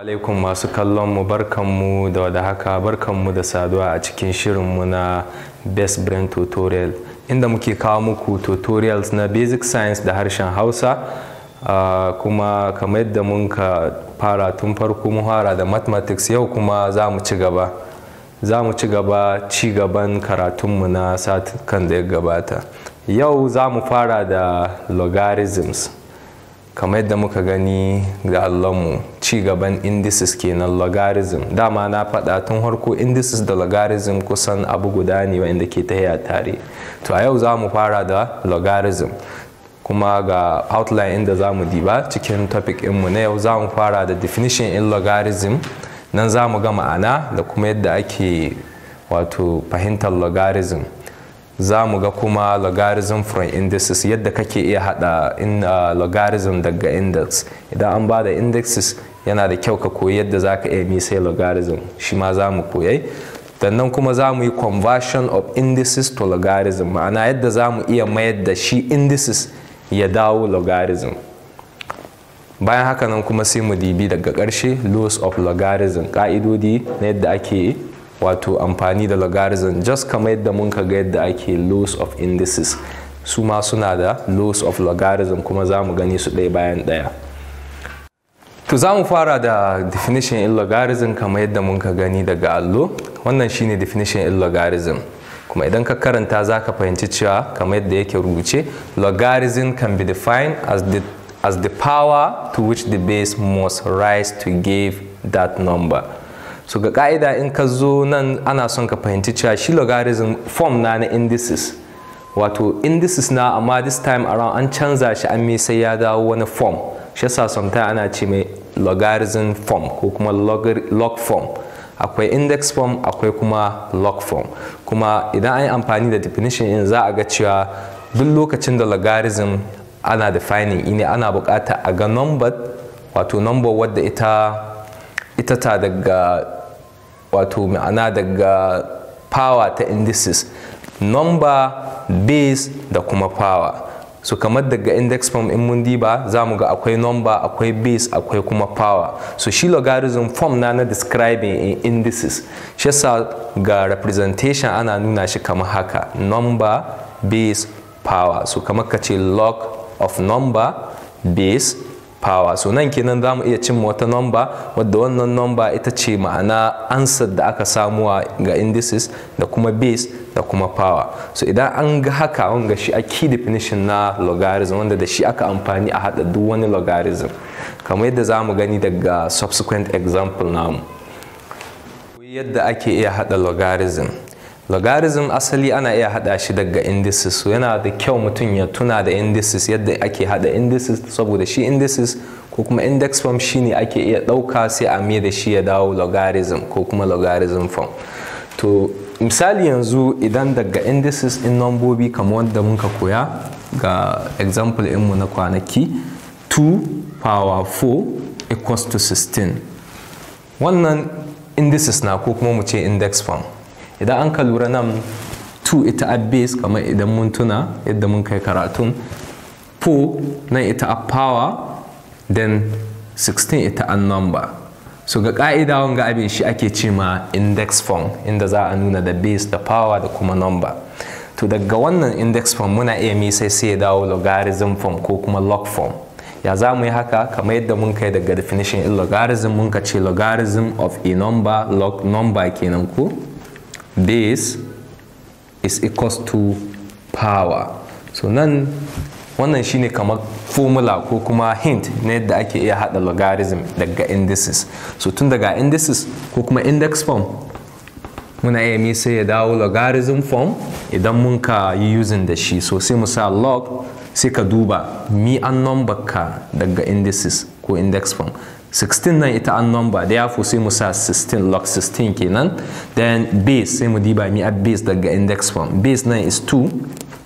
alaikum masu kallon mu barkanmu da wada haka barkanmu da saduwa a cikin shirinmu na best brain tutorial inda muke kawo muku tutorials na basic science da harshen hausa uh, kuma kamar yadda mun ka fara tun farko mun fara da mathematics yau kuma za mu ci gaba za mu ci gaba ci gaban karatunmu na satukan da ya gabata yau za mu fara da logarithms kamar yadda muka gani ga allonmu ci gaban indices kenan logarithm dama na faɗa tun harko indices da logarithm kusan abu guda ne wanda ke ta tahiya tare to a yau za mu fara da logarithm kuma ga outline inda za mu diba cikin topic mu na yau za mu fara da definition in logarithm nan za mu ga ma'ana da kuma yadda ake wato fahimtar logarithm za mu ga kuma logarithm from indices yadda kake iya hada in uh, logarithm daga index idan an ba da indexes yana da kyau ka koyi yadda za ka iya misai logarithm shi ma za mu koyai sannan kuma za mu yi conversion of indices to logarithm ma'ana yadda za mu iya mayar da shi indices ya dawo logarithm bayan haka nan kuma sai mu dibi daga ƙarshe laws of logarithm ƙa'idodi na yadda ake wato amfani da logarithm just kamar yadda mun ka ga yadda ake laws of indices su ma suna da laws of logarithm kuma za mu gani su ɗaya bayan ɗaya to za mu fara da definition in logarithm kamar yadda mun ka gani daga allo wannan shine definition in logarithm kuma idan ka karanta za ka fahimci cewa kamar yadda yake rubuce logarithm can be defined as the as the power to which the base must rise to give that number so ga ka'ida in ka zo nan ana son ka fahimci cewa shi logarithm form na na indices wato indices na amma this time around an canza shi an sai ya dawo wani form shi yasa sometimes ana ce mai logarithm form ko kuma log form akwai index form akwai kuma log form kuma idan an yi amfani da definition in za a ga cewa duk lokacin da logarithm ana defining ine ana bukata a ga number wato number wadda ita ita ta daga wato ma'ana daga power ta indices number base da kuma power so kamar daga index form in mun diba za mu ga akwai number akwai base akwai kuma power so shi logarithm form na na describing in indices shi yasa ga representation ana nuna shi kamar haka number base power so kamar ka ce log of number base power so nan kenan zamu mu iya cimma wata nomba wadda wannan nomba ita ce ma'ana ansar da aka samuwa ga indices da kuma base da kuma power so idan an ga haka wanga shi a key definition na logarithm wanda da shi aka amfani a haɗa duk wani logarithm kamar yadda za mu gani daga subsequent example namu yadda ake iya haɗa logarithm logarithm asali ana iya hada shi daga indices so yana da kyau mutum ya tuna da indices yadda ake hada indices saboda shi indices ko kuma index form shine ake iya dauka sai a mai da shi ya dawo logarithm ko kuma logarithm form to misali yanzu idan daga indices in nambobi kamar wanda muka koya ga example mu na kwanaki 2 power 4 equals to 16 wannan indices na ko kuma mu ce index form idan an ka lura nan 2 ita a base kamar idan mun tuna yadda mun kai karatun 4 nan ita a power then 16 ita a number so ga ka'ida wanga abin shi ake ce ma index form inda za a nuna da base da power da kuma number to daga wannan index form muna iya mi sai ya dawo logarithm form ko kuma log form ya za mu yi haka kamar yadda mun kai daga definition in logarithm mun ka ce logarithm of a number log number kenan ko this is equals to power so nan wannan shine kamar formula ko kuma hint na yadda ake iya hada logarithm daga indices so tun daga indices ko kuma index form muna iya mi sai ya dawo logarithm form idan mun ka yi using da shi so sai mu sa log sai ka duba mi an number ka daga indices ko index form 16 nan ita an number da fi sai mu sa 16 log 16 kenan then base sai mu diba mi a base daga index form base nan is 2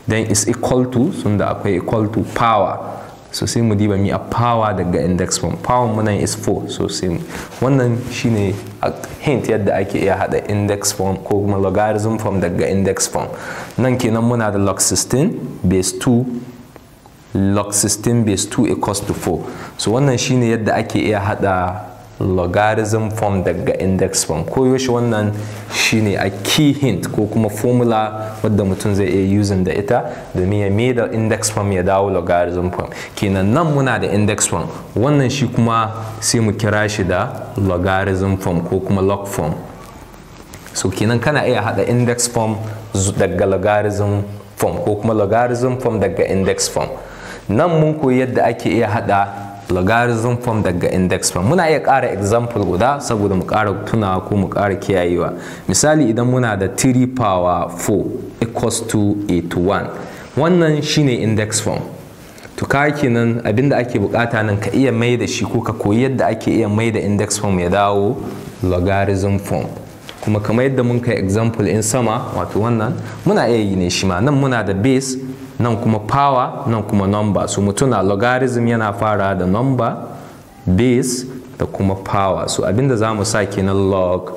then is equal to sun da akwai equal to power so sai mu diba mi a power daga index form power mu nan is 4 so sai wannan shine a hint yadda ake iya hada index form ko kuma logarithm form daga index form nan kenan muna da log 16 base 2 log 16 base 2 equals to 4 so wannan shine yadda ake iya hada logarithm form daga index form ko yaushe wannan shine a key hint ko kuma formula wadda mutum zai iya using da ita domin ya mai da index form ya dawo logarithm form kenan nan muna da index form wannan shi kuma sai mu kira shi da logarithm form ko kuma log form so kenan kana iya hada index form daga logarithm form ko kuma logarithm form daga index form nan mun koyi yadda ake iya hada logarithm form daga index form muna iya ƙara example guda saboda mu kara tunawa ko mu kara kiyayewa misali idan muna da 3 power 4 equals to 81 wannan shine index form to ka kenan abinda ake bukata nan ka iya mai da shi ko ka koyi yadda ake iya mai da index form ya dawo logarithm form kuma kamar yadda mun kai example in sama wato wannan muna iya yi ne shi ma nan muna da base nan kuma power nan kuma number su mutuna logarithm yana fara da number base da kuma power so abinda za mu sa kenan log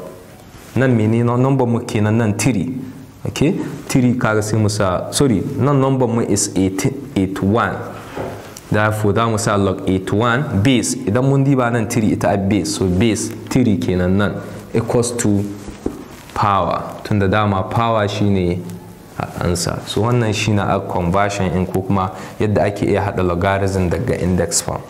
nan mini number mu kenan nan 3 okay 3 kaga sai mu sa sorry nan number mu is 81 therefore za mu sa log 81 base idan mun diba nan 3 ita base so base 3 kenan nan equals to power tunda dama power shine a ansa so wannan shi na a conversion in ko kuma yadda ake iya haɗa logarithm daga index form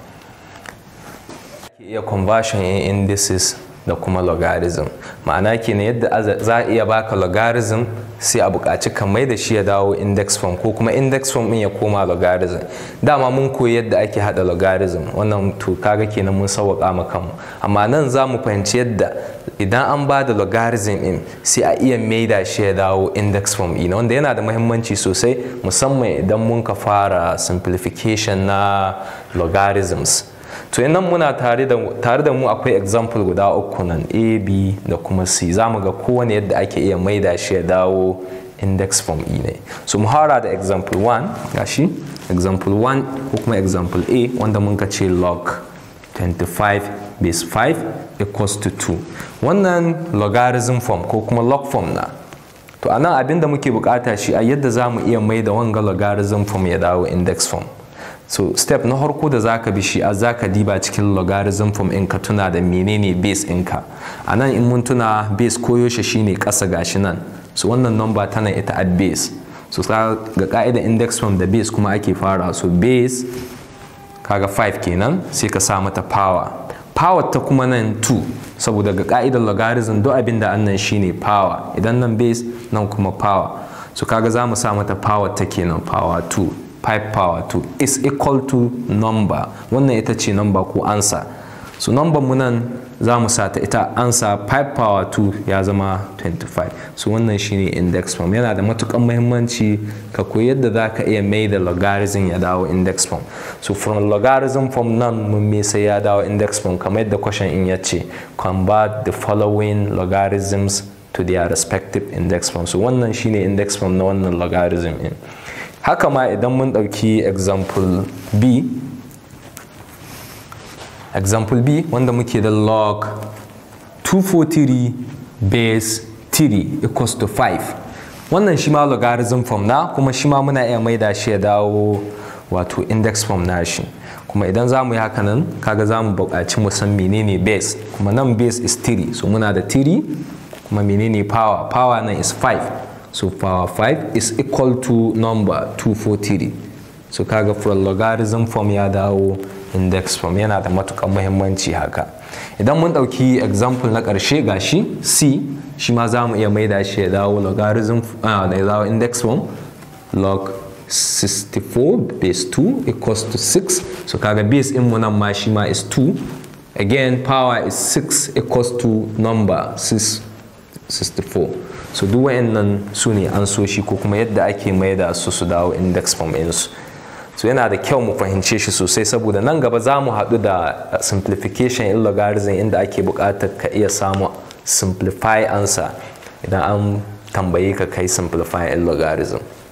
ake iya conversion in indices da kuma logarithm ma'ana kenan yadda za a iya baka logarithm sai a buƙaci ka mai da shi ya dawo index form ko kuma index form ɗin ya koma logarithm dama mun koyi yadda ake haɗa logarithm wannan to kaga kenan mun sauwaƙa ma kanmu amma nan za mu fahimci yadda idan an ba da logarithm ɗin sai a iya mai da shi ya dawo index form ɗina wanda yana da muhimmanci sosai musamman idan mun ka fara simplification na logarithms to nan muna tare da mu akwai example guda uku nan a b da kuma c za mu ga kowane yadda ake iya maida shi ya dawo index form e ne so mu hara da example 1 gashi example 1 ko kuma example a wanda mun ka ce log 25 base 5 equals to 2 wannan logarithm form ko kuma log form na to anan abinda muke bukata shi a yadda za mu iya maida wanga logarithm form ya dawo index form so step na harko da zaka bi shi a zaka diba cikin logarithm form in ka tuna da menene base ka a nan in mun tuna base koyaushe shine ƙasa gashi nan so wannan number tana ita at base so ga ka'ida index form da base kuma ake fara so base kaga 5 kenan sai ka sa mata power power ta kuma nan 2 saboda ga ka'idar logarithm duk abin da annan shine power idan nan base nan kuma power so kaga za mu sa mata power ta kenan power 2 5 power 2 is equal to number wannan ita ce number ko ansa so number mu nan za mu sa ita ansa 5 power 2 ya zama 25 so wannan shine index form yana da matukan muhimmanci ka koyi yadda za ka iya mai da logarithm ya dawo index form so from logarithm form nan mun me sai ya dawo index form kamar yadda question in ya ce convert the following logarithms to their respective index form so wannan shine index form na wannan logarithm in haka ma idan mun ɗauki example b example b wanda muke da log 243 base 3 equals to 5 wannan shi ma logarithm form na kuma shi ma muna iya maida shi ya dawo wato index form shi kuma idan za mu yi haka nan kaga za mu buƙaci mu san menene base kuma nan base is 3 so muna da 3 kuma menene power power nan is 5 so power 5 is equal to number 243 so kaga for logarithm form ya dawo index form yana da matukan muhimmanci haka idan mun dauki example na karshe gashi c shi ma za mu iya maida shi ya dawo logarithm da ah, ya dawo index form log 64 base 2 equals to 6 so kaga base in mu nan ma shi ma is 2 again power is 6 equals to number 6 64 so duk wayannan su ne an so shi ko kuma yadda ake mai da su su dawo index form insu so yana da kyau mu fahimce shi sosai saboda nan gaba za mu haɗu da uh, simplification in logarithm inda ake buƙatar ka iya samu simplify answer idan an tambaye ka kai simplify in logarithm